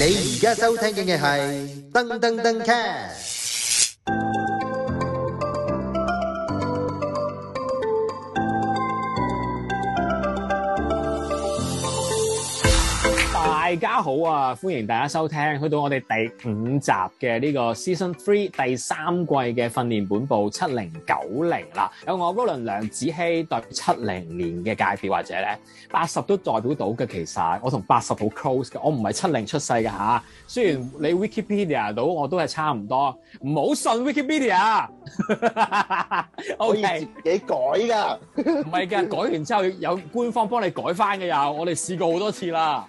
你而家收聽嘅係噔噔噔 cast 大家好啊！歡迎大家收聽，去到我哋第五集嘅呢個 Season Three 第三季嘅訓練本部七零九零啦。有我 Roland 梁子希代表七零年嘅界別或者咧八十都代表到嘅。其實我同八十好 close 嘅，我唔係七零出世嘅吓。雖然你 Wikipedia 到我都係差唔多，唔好信 Wikipedia。我 Okay. 可以自己改噶，唔係嘅，改完之後有官方幫你改翻嘅又。我哋試過好多次啦。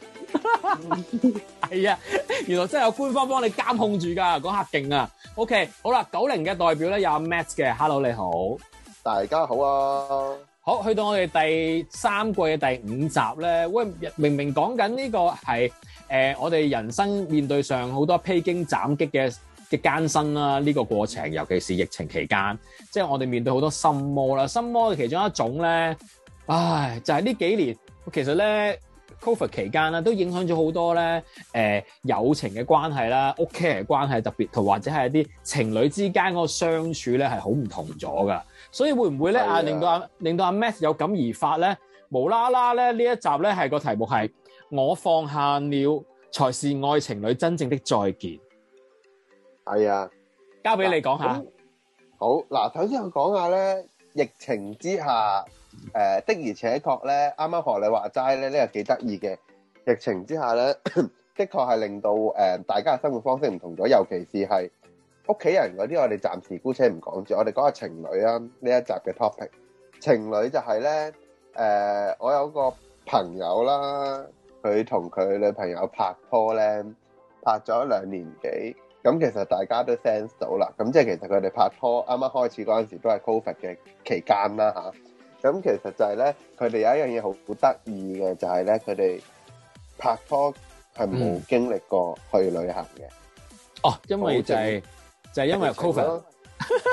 係啊，原來真係有官方幫你監控住噶，講下勁啊！OK，好啦，九零嘅代表咧有阿 Matt 嘅，Hello 你好，大家好啊！好去到我哋第三季嘅第五集咧，喂，明明講緊呢個係誒，我哋人生面對上好多披荊斬棘嘅嘅艱辛啦，呢個過程，尤其是疫情期間，即係我哋面對好多心魔啦，心魔嘅其中一種咧，唉，就係呢幾年，其實咧。Covid 期間啦，都影響咗好多咧，誒、呃、友情嘅關係啦，屋企人關係特別，同或者係一啲情侶之間嗰個相處咧，係好唔同咗噶。所以會唔會咧啊，令到啊，令到阿 Matt 有感而發咧，無啦啦咧呢一集咧係個題目係我放下了，才是愛情裏真正的再見。係啊的，交俾你講下。好，嗱，頭先我講下咧，疫情之下。誒、呃，的而且確咧，啱啱學你話齋咧，呢、這個幾得意嘅，疫情之下咧，的確係令到誒、呃、大家嘅生活方式唔同咗，尤其是係屋企人嗰啲，我哋暫時姑且唔講住，我哋講下情侶啊，呢一集嘅 topic，情侶就係咧，誒、呃、我有個朋友啦，佢同佢女朋友拍拖咧，拍咗兩年幾，咁其實大家都 sense 到都啦，咁即係其實佢哋拍拖啱啱開始嗰陣時都係 COVID 嘅期間啦吓。咁其實就係咧，佢哋有一樣嘢好得意嘅，就係咧，佢哋拍拖係冇經歷過去旅行嘅。哦，因為就係就係因為 COVID，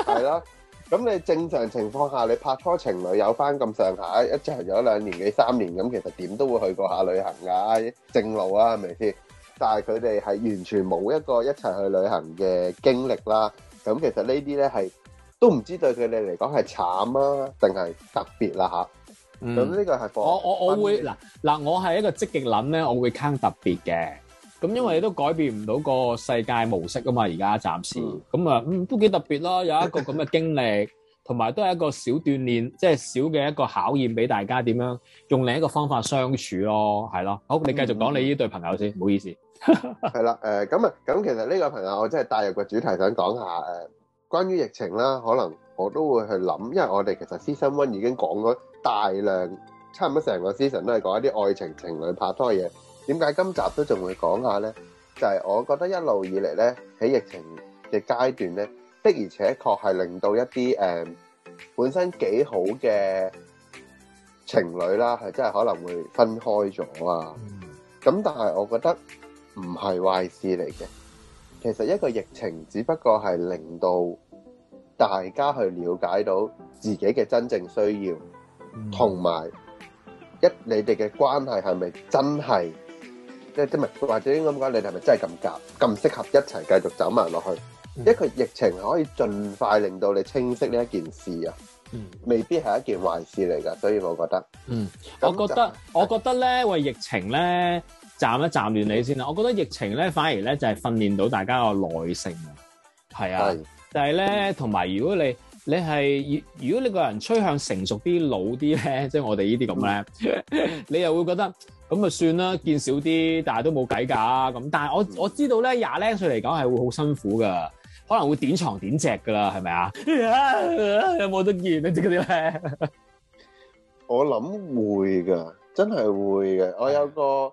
係咯。咁你正常情況下，你拍拖情侶有翻咁上下一齊有兩年幾三年，咁其實點都會去過下旅行㗎，正路啊，係咪先？但係佢哋係完全冇一個一齊去旅行嘅經歷啦。咁其實呢啲咧係。都唔知對佢哋嚟講係慘啊，定係特別啦吓，咁呢個係我我我，我會嗱嗱啦，我係一個積極諗咧，嗯、我會 count 特別嘅。咁因為你都改變唔到個世界模式啊嘛，而家暫時咁啊、嗯嗯，都幾特別啦。有一個咁嘅經歷，同埋 都係一個小鍛鍊，即、就、係、是、小嘅一個考驗，俾大家點樣用另一個方法相處咯、啊，係咯。好，你繼續講你呢對朋友先，唔、嗯、好意思。係 啦，誒咁啊，咁其實呢個朋友我真係帶入個主題想講下誒。關於疫情啦，可能我都會去諗，因為我哋其實 season one 已經講咗大量，差唔多成個 season 都係講一啲愛情情侶拍拖嘅嘢，點解今集都仲會講下呢？就係我覺得一路以嚟呢，喺疫情嘅階段呢，的而且確係令到一啲誒本身幾好嘅情侶啦，係真係可能會分開咗啊！咁但係我覺得唔係壞事嚟嘅。其實一個疫情只不過係令到大家去了解到自己嘅真正需要，同埋、嗯、一你哋嘅關係係咪真係即係即係，或者應該咁講，你哋係咪真係咁夾咁適合一齊繼續走埋落去？嗯、一個疫情可以盡快令到你清晰呢一件事啊，嗯、未必係一件壞事嚟噶，所以我覺得，嗯，的我覺得，是我覺得咧，為疫情咧。站一站亂你先啦。我覺得疫情咧反而咧就係訓練到大家個耐性，係啊，是但係咧同埋如果你你係如果你個人趨向成熟啲老啲咧，即係我哋呢啲咁咧，嗯、 你又會覺得咁啊算啦，見少啲，但係都冇計㗎。咁但係我我知道咧，廿零歲嚟講係會好辛苦噶，可能會點床點隻㗎啦，係咪啊？有冇得見啊？呢個啲咧，我諗會㗎，真係會嘅。我有個。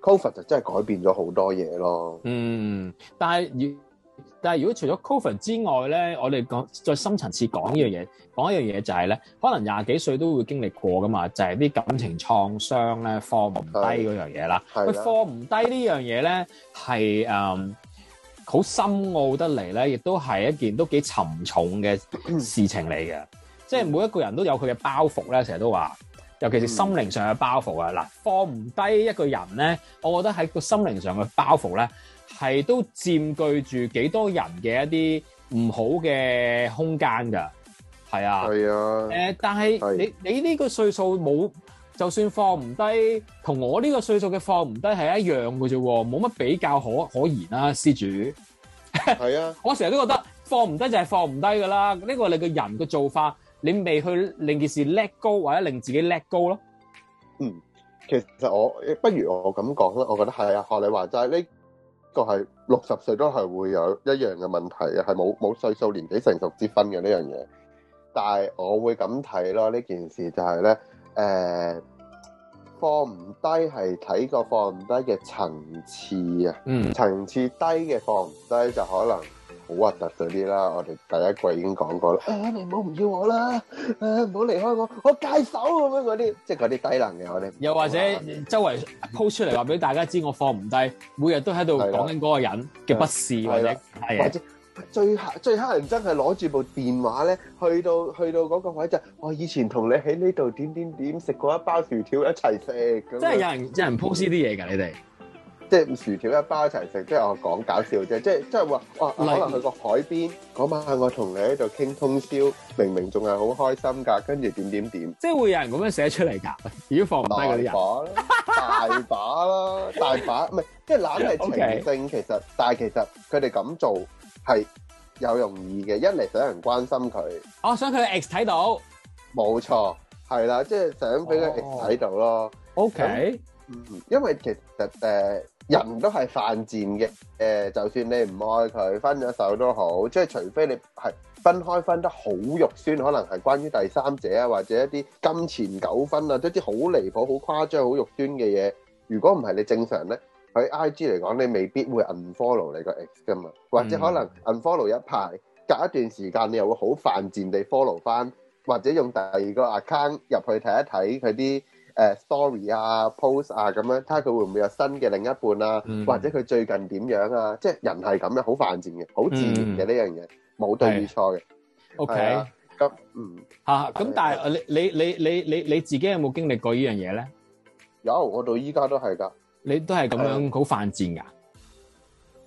Covid 就真係改變咗好多嘢咯。嗯，但係如但係如果除咗 Covid 之外咧，我哋講再深層次講一樣嘢，講一樣嘢就係、是、咧，可能廿幾歲都會經歷過㗎嘛，就係、是、啲感情創傷咧，放唔低嗰樣嘢啦。佢放唔低呢樣嘢咧，係誒好深奧得嚟咧，亦都係一件都幾沉重嘅事情嚟嘅。 即係每一個人都有佢嘅包袱咧，成日都話。尤其是心靈上嘅包袱啊，嗱、嗯，放唔低一個人咧，我覺得喺個心靈上嘅包袱咧，係都佔據住幾多人嘅一啲唔好嘅空間噶，係啊，係啊，誒，但係是你你呢個歲數冇，就算放唔低，同我呢個歲數嘅放唔低係一樣噶啫，冇乜比較可可言啦、啊，施主，係 啊，我成日都覺得放唔低就係放唔低噶啦，呢、這個你個人嘅做法。你未去令件事 let go，或者令自己 let go 咯？嗯，其實我不如我咁講啦，我覺得係啊，學你話齋係呢個係六十歲都係會有一樣嘅問題嘅，係冇冇歲數年紀成熟之分嘅呢樣嘢。但係我會咁睇咯，呢件事就係、是、咧，誒、呃、放唔低係睇個放唔低嘅層次啊，嗯，層次低嘅放唔低就可能。好核突嗰啲啦，我哋第一季已經講過啦。誒，你唔好唔要我啦，誒，唔好離開我，我戒手咁樣嗰啲，即係嗰啲低能嘅我哋。又或者周圍 po 出嚟話俾大家知，我放唔低，每日都喺度講緊嗰個人嘅不是或者係啊。最黑最黑人真係攞住部電話咧，去到去到嗰個位就，我以前同你喺呢度點點點食過一包薯條一齊食咁。即係有人有人 po 啲啲嘢㗎，你哋。即係薯條一包一齊食，即係我講搞笑啫。即係即係話哇，可能去個海邊嗰是晚，我同你喺度傾通宵，明明仲係好開心㗎，跟住點點點。即係會有人咁樣寫出嚟㗎，如果放唔低嗰啲人，大把呢 大把啦，大把啦， 大把唔係，即係懶係情聖。Okay. 其實，但係其實佢哋咁做係有容易嘅，一嚟想人關心佢，哦、oh, 想佢 ex 睇到，冇錯，係啦，即係想俾佢 ex 睇到咯。O、oh. K，Okay.、嗯、因為其實誒。呃人都係犯賤嘅，誒，就算你唔愛佢，分咗手都好，即係除非你係分開分得好肉酸，可能係關於第三者啊，或者一啲金錢糾紛啊，一啲好離譜、好誇張、好肉酸嘅嘢。如果唔係你正常咧，喺 IG 嚟講，你未必會 unfollow 你個 ex 噶嘛，或者可能 unfollow 一排，隔一段時間你又會好犯賤地 follow 翻，或者用第二個 account 入去睇一睇佢啲。誒、呃、story 啊、post 啊咁樣，睇下佢會唔會有新嘅另一半啊，嗯、或者佢最近點樣啊？即係人係咁樣，好犯賤嘅，好自然嘅呢樣嘢，冇、嗯、對與錯嘅。OK，咁嗯嚇，咁的 okay,、啊、但係你你你你你你自己有冇經歷過這件事呢樣嘢咧？有，我到依家都係㗎。你都係咁樣好犯賤㗎？誒、嗯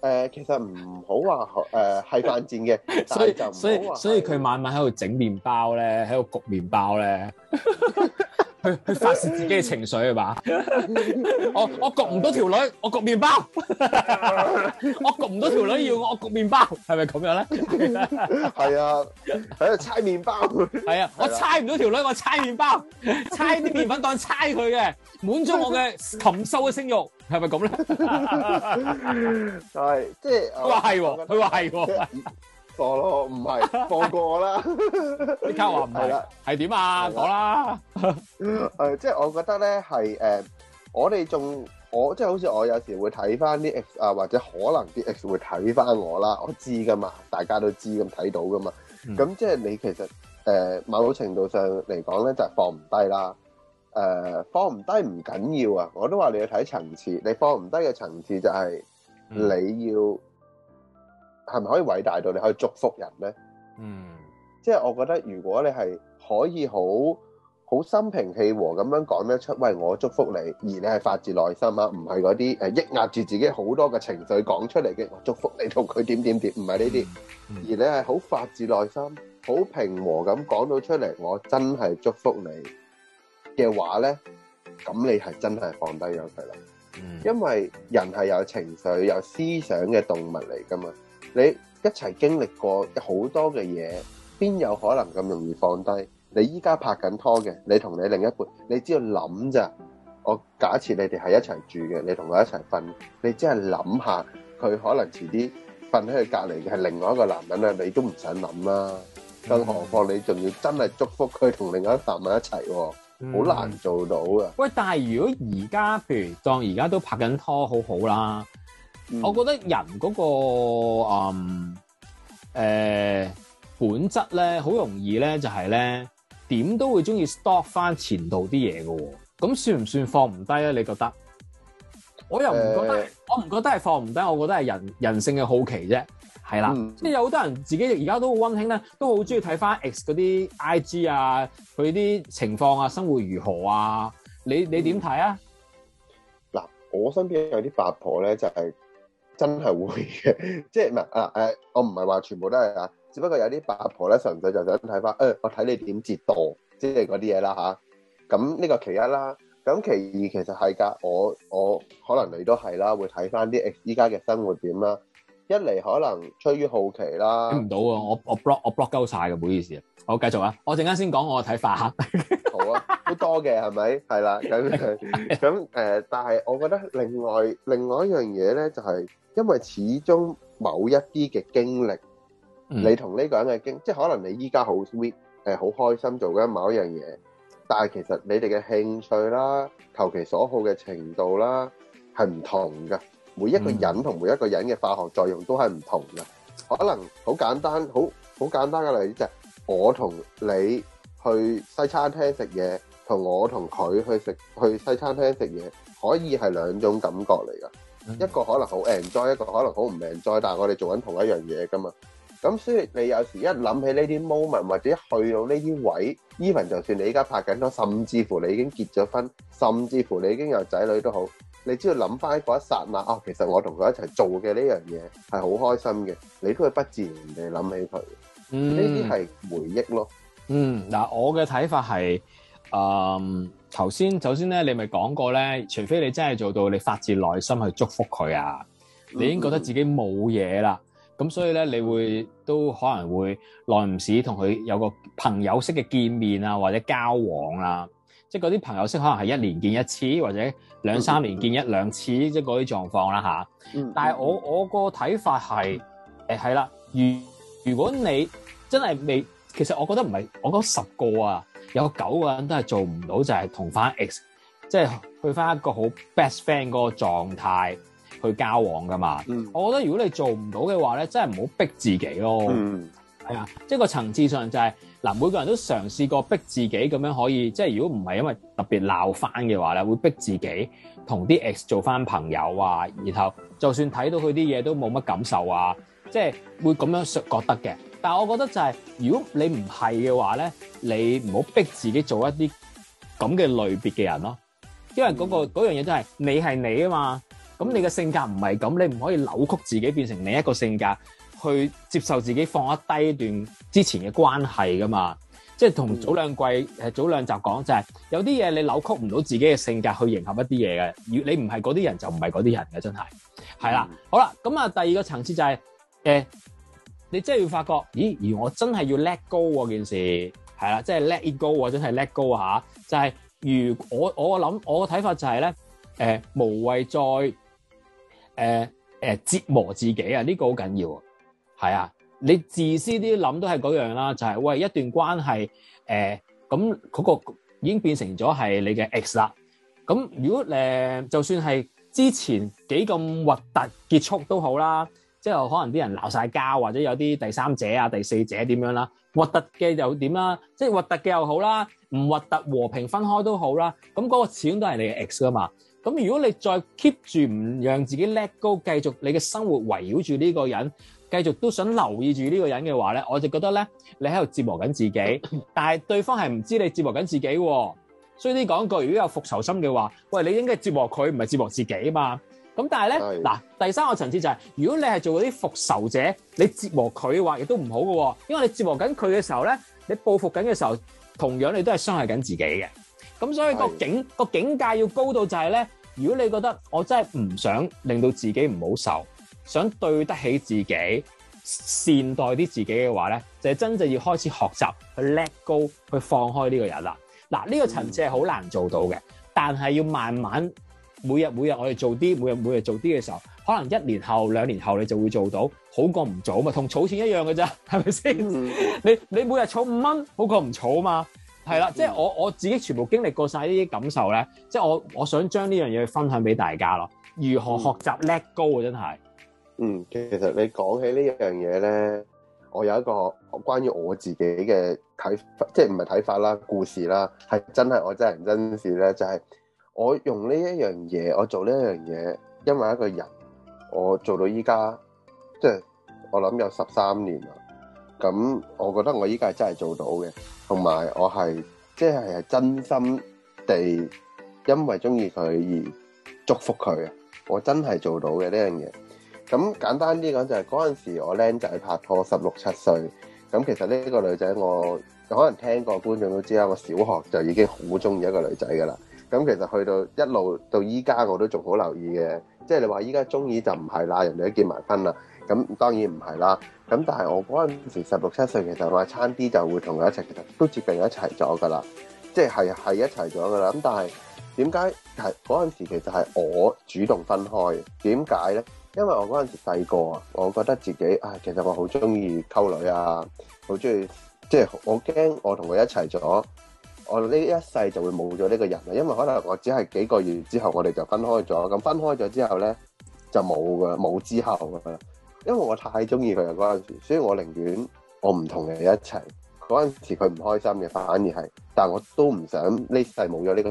呃，其實唔好話誒係犯賤嘅 以，所以就所以所以佢晚晚喺度整麵包咧，喺度焗麵包咧。 去去發泄自己嘅情緒係嘛？我我焗唔到條女，我焗麵包。我焗唔到條女，要我焗麵包，係咪咁樣咧？係啊，喺度猜麵包。係啊，我猜唔到條女，我猜麵包，猜啲麵粉當猜佢嘅，滿足我嘅禽獸嘅性慾，係咪咁咧？係，即係佢話係喎，佢話係喎。唔係 過咯，唔係放過我啦 了！即刻話唔係啦，係點啊？講啦，誒，即係我覺得咧，係誒、呃，我哋仲我即係好似我有時會睇翻啲 X 啊，或者可能啲 X 會睇翻我啦，我知噶嘛，大家都知咁睇到噶嘛，咁、嗯、即係你其實誒、呃，某程度上嚟講咧，就係、是、放唔低啦，誒、呃，放唔低唔緊要啊，我都話你要睇層次，你放唔低嘅層次就係你要。嗯係咪可以偉大到你可以祝福人呢？嗯、mm，hmm. 即係我覺得，如果你係可以好好心平氣和咁樣講得出，喂，我祝福你，而你係發自內心啊，唔係嗰啲誒抑壓住自己好多嘅情緒講出嚟嘅，我祝福你同佢點點點，唔係呢啲，mm hmm. 而你係好發自內心，好平和咁講到出嚟，我真係祝福你嘅話呢，咁你係真係放低咗佢啦。Mm hmm. 因為人係有情緒有思想嘅動物嚟噶嘛。你一齊經歷過好多嘅嘢，邊有可能咁容易放低？你依家拍緊拖嘅，你同你另一半，你只要諗咋？我假設你哋係一齊住嘅，你同佢一齊瞓，你只係諗下，佢可能遲啲瞓喺佢隔離嘅係另外一個男人啊，你都唔使諗啦，更何況你仲要真係祝福佢同另外一個男人一齊，好難做到啊、嗯！喂，但係如果而家譬如當而家都拍緊拖，好好啦。嗯、我覺得人嗰、那個誒誒、嗯呃、本質咧，好容易咧就係、是、咧，點都會中意 stop 返前度啲嘢嘅，咁算唔算放唔低咧？你覺得？我又唔覺得，呃、我唔覺得係放唔低，我覺得係人人性嘅好奇啫，係啦。即係、嗯、有好多人自己而家都好溫馨咧，都好中意睇返 X 嗰啲 IG 啊，佢啲情況啊，生活如何啊？你你點睇啊？嗱、嗯，我身邊有啲八婆咧，就係、是。真係會嘅，即係唔係啊？誒、呃，我唔係話全部都係啊，只不過有啲八婆咧，純粹就想睇翻誒，我睇你點折墮，即係嗰啲嘢啦吓，咁、啊、呢個其一啦，咁其二其實係噶，我我可能你都係啦，會睇翻啲依家嘅生活點啦。一嚟可能出於好奇啦，唔到喎，我我 block 我 block 鳩曬嘅，唔好意思啊，好繼續啊，我陣間先講我嘅睇法嚇。 好啊，好多嘅係咪？係啦，咁樣咁誒，但係我覺得另外另外一樣嘢呢，就係因為始終某一啲嘅經歷，你同呢個人嘅經，即係可能你依家好 sweet，誒好開心做緊某一樣嘢，但係其實你哋嘅興趣啦、求其所好嘅程度啦，係唔同噶。每一個人同每一個人嘅化學作用都係唔同噶。可能好簡單，好好簡單嘅例子就係我同你。去西餐廳食嘢，同我同佢去食去西餐廳食嘢，可以係兩種感覺嚟噶、mm hmm.。一個可能好 enjoy，一個可能好唔 enjoy，但係我哋做緊同一樣嘢噶嘛。咁所以你有時一諗起呢啲 moment，或者去到呢啲位 even 就算你而家拍緊拖，甚至乎你已經結咗婚，甚至乎你已經有仔女都好，你只要諗翻喺嗰一剎那、哦，其實我同佢一齊做嘅呢樣嘢係好開心嘅，你都會不自然地諗起佢。嗯、mm，呢啲係回憶咯。嗯，嗱，我嘅睇法係，誒，頭先，首先咧，你咪講過咧，除非你真係做到你發自內心去祝福佢啊，你已經覺得自己冇嘢啦，咁所以咧，你會都可能會耐唔時同佢有個朋友式嘅見面啊，或者交往啊，即係嗰啲朋友式可能係一年見一次或者兩三年見一兩次，即係嗰啲狀況啦、啊、吓，啊嗯嗯、但係我我個睇法係，誒係啦，如如果你真係未。其實我覺得唔係，我講十個啊，有九個人都係做唔到，就係同翻 ex 即係去翻一個好 best friend 嗰個狀態去交往噶嘛。嗯、我覺得如果你做唔到嘅話咧，真係唔好逼自己咯。係啊、嗯，即係個層次上就係、是、嗱，每個人都嘗試過逼自己咁樣可以，即係如果唔係因為特別鬧翻嘅話咧，會逼自己同啲 ex 做翻朋友啊，然後就算睇到佢啲嘢都冇乜感受啊，即係會咁樣覺得嘅。但係我覺得就係，如果你唔係嘅話咧，你唔好逼自己做一啲咁嘅類別嘅人咯。因為嗰、嗰個嗰、嗯、樣嘢都係你係你啊嘛。咁你嘅性格唔係咁，你唔可以扭曲自己變成另一個性格去接受自己放低呢段之前嘅關係噶嘛。即係同早兩季誒、嗯、早兩集講就係有啲嘢你扭曲唔到自己嘅性格去迎合一啲嘢嘅。如你唔係嗰啲人就唔係嗰啲人嘅真係。係、嗯、啦，好啦，咁、嗯、啊第二個層次就係、是、誒。欸你真係要發覺，咦？而我真係要 let go 喎，件事係啦，即係 let it go 喎，或者係 let go 啊吓！就係如我我諗我嘅睇法就係咧，誒，無謂再誒誒折磨自己啊！呢個好緊要，係啊，你自私啲諗都係嗰樣啦，就係喂，一段關係誒，咁嗰個已經變成咗係你嘅 ex 啦。咁如果誒，就算係之前幾咁核突結束都好啦。即係可能啲人鬧晒交，或者有啲第三者啊、第四者點樣啦，核突嘅又點啦，即係核突嘅又好啦，唔核突和平分開都好啦。咁、那、嗰個始終都係你嘅 x 噶嘛。咁如果你再 keep 住唔讓自己 let go，繼續你嘅生活圍繞住呢個人，繼續都想留意住呢個人嘅話咧，我就覺得咧，你喺度折磨緊自己，但係對方係唔知你折磨緊自己喎、啊。所以啲講句，如果有復仇心嘅話，喂，你應該折磨佢，唔係折磨自己啊嘛。咁但係咧，嗱是的 第三個層次就係、是，如果你係做嗰啲復仇者，你折磨佢嘅話，亦都唔好嘅喎，因為你折磨緊佢嘅時候咧，你報復緊嘅時候，同樣你都係傷害緊自己嘅。咁所以個境個是的 境界要高到就係、是、咧，如果你覺得我真係唔想令到自己唔好受，想對得起自己，善待啲自己嘅話咧，就係、是、真正要開始學習去 Let go，去放開呢個人啦。嗱、啊、呢、這個層次係好難做到嘅，但係要慢慢。每日每日我哋做啲，每日每日做啲嘅時候，可能一年後、兩年後你就會做到好過唔做嘛，同儲錢一樣嘅咋，係咪先？你你每日儲五蚊，好過唔儲啊嘛，係啦，mm hmm. 即係我我自己全部經歷過晒呢啲感受咧，即係我我想將呢樣嘢分享俾大家咯。如何學習叻高啊？Mm hmm. 真係，嗯，其實你講起呢樣嘢咧，我有一個關於我自己嘅睇法，即係唔係睇法啦，故事啦，係真係我真人真事咧，就係、是。我用呢一樣嘢，我做呢一樣嘢，因為一個人，我做到依家，即係我諗有十三年啦。咁我覺得我依家係真係做到嘅，同埋我係即係係真心地因為中意佢而祝福佢。我真係做到嘅呢樣嘢。咁簡單啲講，就係嗰陣時我僆仔拍拖，十六七歲。咁其實呢個女仔，我可能聽過觀眾都知啦。我小學就已經好中意一個女仔㗎啦。咁其實去到一路到依家，我都仲好留意嘅。即係你話依家中意就唔係啦，人哋都結埋婚啦。咁當然唔係啦。咁但係我嗰陣時十六七歲，其實我話差啲就會同佢一齊，其實都接近一齊咗噶啦。即係係係一齊咗噶啦。咁但係點解嗰陣時其實係我主動分開？點解咧？因為我嗰陣時細個啊，我覺得自己啊，哎，其實我好中意溝女啊，好中意即係我驚我同佢一齊咗。我呢一世就會冇咗呢個人啦，因為可能我只係幾個月之後，我哋就分開咗。咁分開咗之後咧，就冇噶，冇之後啦。因為我太中意佢啊嗰陣時，所以我寧願我唔同佢一齊。嗰陣時佢唔開心嘅，反而係，但我都唔想呢世冇咗呢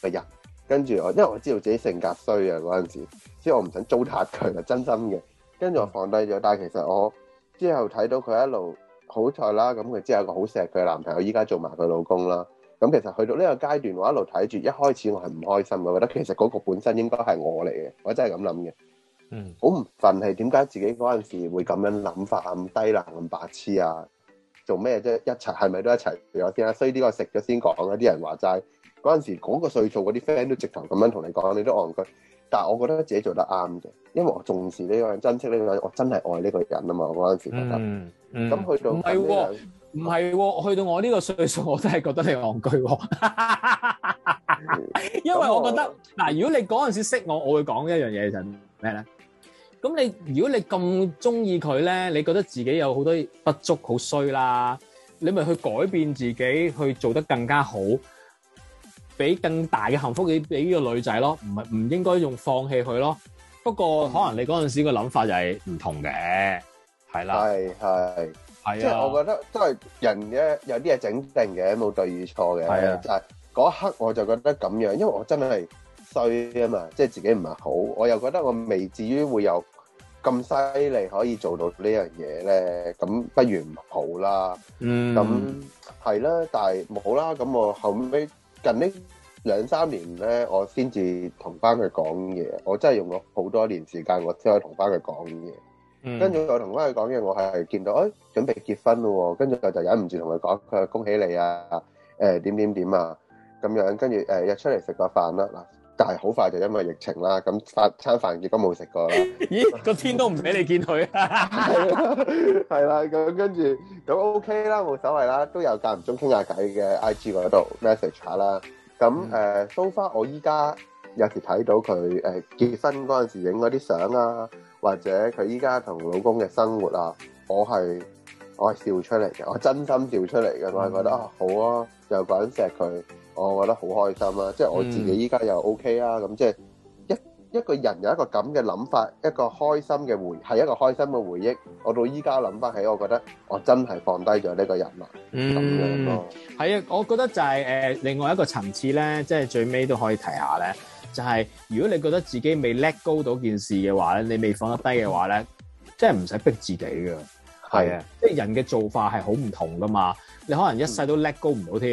個人。跟住我，因為我知道自己性格衰啊嗰陣時，所以我唔想糟蹋佢啊，真心嘅。跟住我放低咗，但其實我之後睇到佢一路好彩啦，咁佢之後有一個好錫佢嘅男朋友，依家做埋佢老公啦。咁其實去到呢個階段，我一路睇住，一開始我係唔開心嘅，我覺得其實嗰個本身應該係我嚟嘅，我真係咁諗嘅，嗯，好唔忿氣，點解自己嗰陣時候會咁樣諗法咁低能咁白痴啊？做咩啫？一齊係咪都一齊？俾我先啦，啊，所以呢個食咗先講啊！啲人話齋，嗰陣時講個歲數，嗰啲 friend 都直頭咁樣同你講，你都戇居，但係我覺得自己做得啱嘅，因為我重視呢個人，珍惜呢個人，我真係愛呢個人啊嘛！我嗰陣時覺得，咁、嗯嗯、去到唔係喎，去到我呢個歲數，我真係覺得你憨居喎。因為我覺得嗱，如果你嗰陣時識我，我會講一樣嘢，就係咩咧？咁你如果你咁中意佢咧，你覺得自己有好多不足，好衰啦，你咪去改變自己，去做得更加好，俾更大嘅幸福俾俾呢個女仔咯。唔係唔應該用放棄佢咯。不過可能你嗰陣時個諗法就係唔同嘅，係啦，係係。是啊、即係我覺得都係人嘅，有啲嘢整定嘅，冇對與錯嘅，就係嗰一刻我就覺得咁樣，因為我真係衰啊嘛，即係自己唔係好，我又覺得我未至於會有咁犀利可以做到呢樣嘢咧，咁不如唔好啦。咁係啦，但係唔好啦。咁我後尾近呢兩三年咧，我先至同翻佢講嘢。我真係用咗好多年時間，我先可以同翻佢講嘢。嗯、跟住我同佢講嘢，我係見到，哎，準備結婚咯喎，跟住我就忍唔住同佢講，佢話恭喜你啊，誒點點點啊，咁樣，跟住誒約出嚟食個飯啦，嗱，但係好快就因為疫情啦，咁飯餐飯結果冇食過啦。咦，個天都唔俾你見佢，啊，係啦、 啊，咁跟住咁 OK 啦，冇所謂啦，都有間唔中傾下偈嘅 IG 嗰度 message 下啦，咁誒蘇花，嗯呃 so、far，我依家有時睇到佢誒，呃、結婚嗰陣時影嗰啲相啊。或者佢依家同老公嘅生活啊，我係我係笑出嚟嘅，我真心笑出嚟嘅，我係覺得啊好啊，又個人錫佢，我覺得好開心啦、啊，即、就、係、是、我自己依家又 OK 啦、啊，咁即係一一個人有一個咁嘅諗法，一個開心嘅回，係一個開心嘅回憶。我到依家諗翻起，我覺得我真係放低咗呢個人物咁、嗯、樣咯、啊。係啊，我覺得就係誒另外一個層次咧，即、就、係、是、最尾都可以提下咧。就係如果你覺得自己未 let go 到件事嘅話咧，你未放得低嘅話咧，即係唔使逼自己嘅。係啊的，即係人嘅做法係好唔同噶嘛。你可能一世都 let go 唔到添，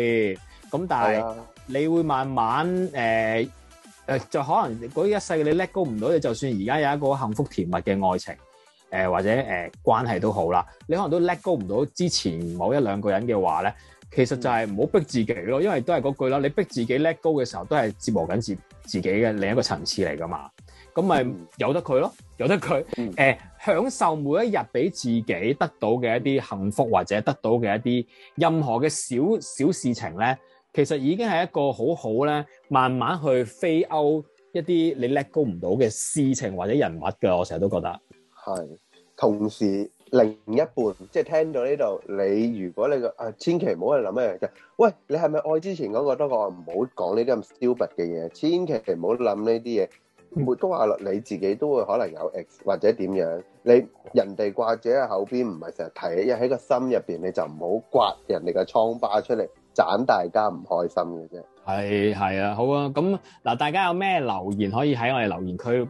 咁但係你會慢慢誒誒的、呃、就可能嗰一世你 let go 唔到，你就算而家有一個幸福甜蜜嘅愛情。或者誒、呃、關係都好啦，你可能都 let go 唔到之前某一兩個人嘅話咧，其實就係唔好逼自己咯，因為都係嗰句啦，你逼自己 let go 嘅時候，都係折磨緊自自己嘅另一個層次嚟噶嘛。咁咪由得佢咯，由得佢、嗯呃、享受每一日俾自己得到嘅一啲幸福或者得到嘅一啲任何嘅小小事情咧，其實已經係一個很好好咧，慢慢去飛歐一啲你 let go 唔到嘅事情或者人物嘅。我成日都覺得同時，另一半即係聽到呢度，你如果你個啊千祈唔好去諗一樣嘢就，喂，你係咪愛之前嗰個多過？唔好講呢啲咁 stupid 嘅嘢，千祈唔好諗呢啲嘢。都話落你自己都會可能有 X 或者點樣，你人哋掛住喺後邊，唔係成日提，而喺個心入邊你就唔好刮人哋個瘡疤出嚟，盞大家唔開心嘅啫。係係啊，好啊，咁嗱，大家有咩留言可以喺我哋留言區？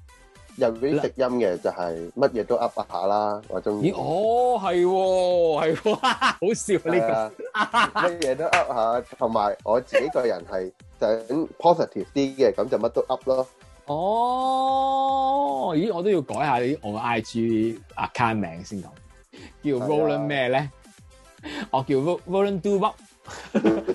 入邊直音嘅就係乜嘢都 up up 下啦，我中意。咦？哦，係喎、哦，係喎、哦，好笑呢、啊啊，這個，乜嘢都 up 下，同埋 我自己個人係想 positive 啲嘅，咁就乜都 up 咯。哦，咦？我都要改一下啲我嘅 IG account 名先講，叫 Rollin 咩咧？啊、我叫 Rollin Do Up。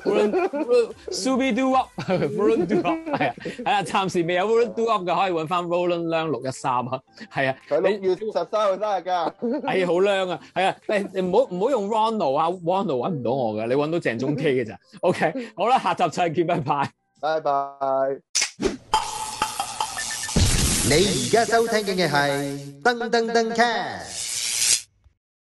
無論 s u b e do up，無論 do up，係啊，係啊，暫時未有無論 do up 嘅，可以揾翻 Rolling 六一三啊，係啊，你要聽十三號生日噶，係好靚啊，係啊，你你唔好唔好用 Ronald 啊，Ronald 揾唔到我噶，你揾到鄭中基嘅咋，OK，好啦，下集再見，拜拜，拜拜。你而家收聽嘅係《噔噔噔 c a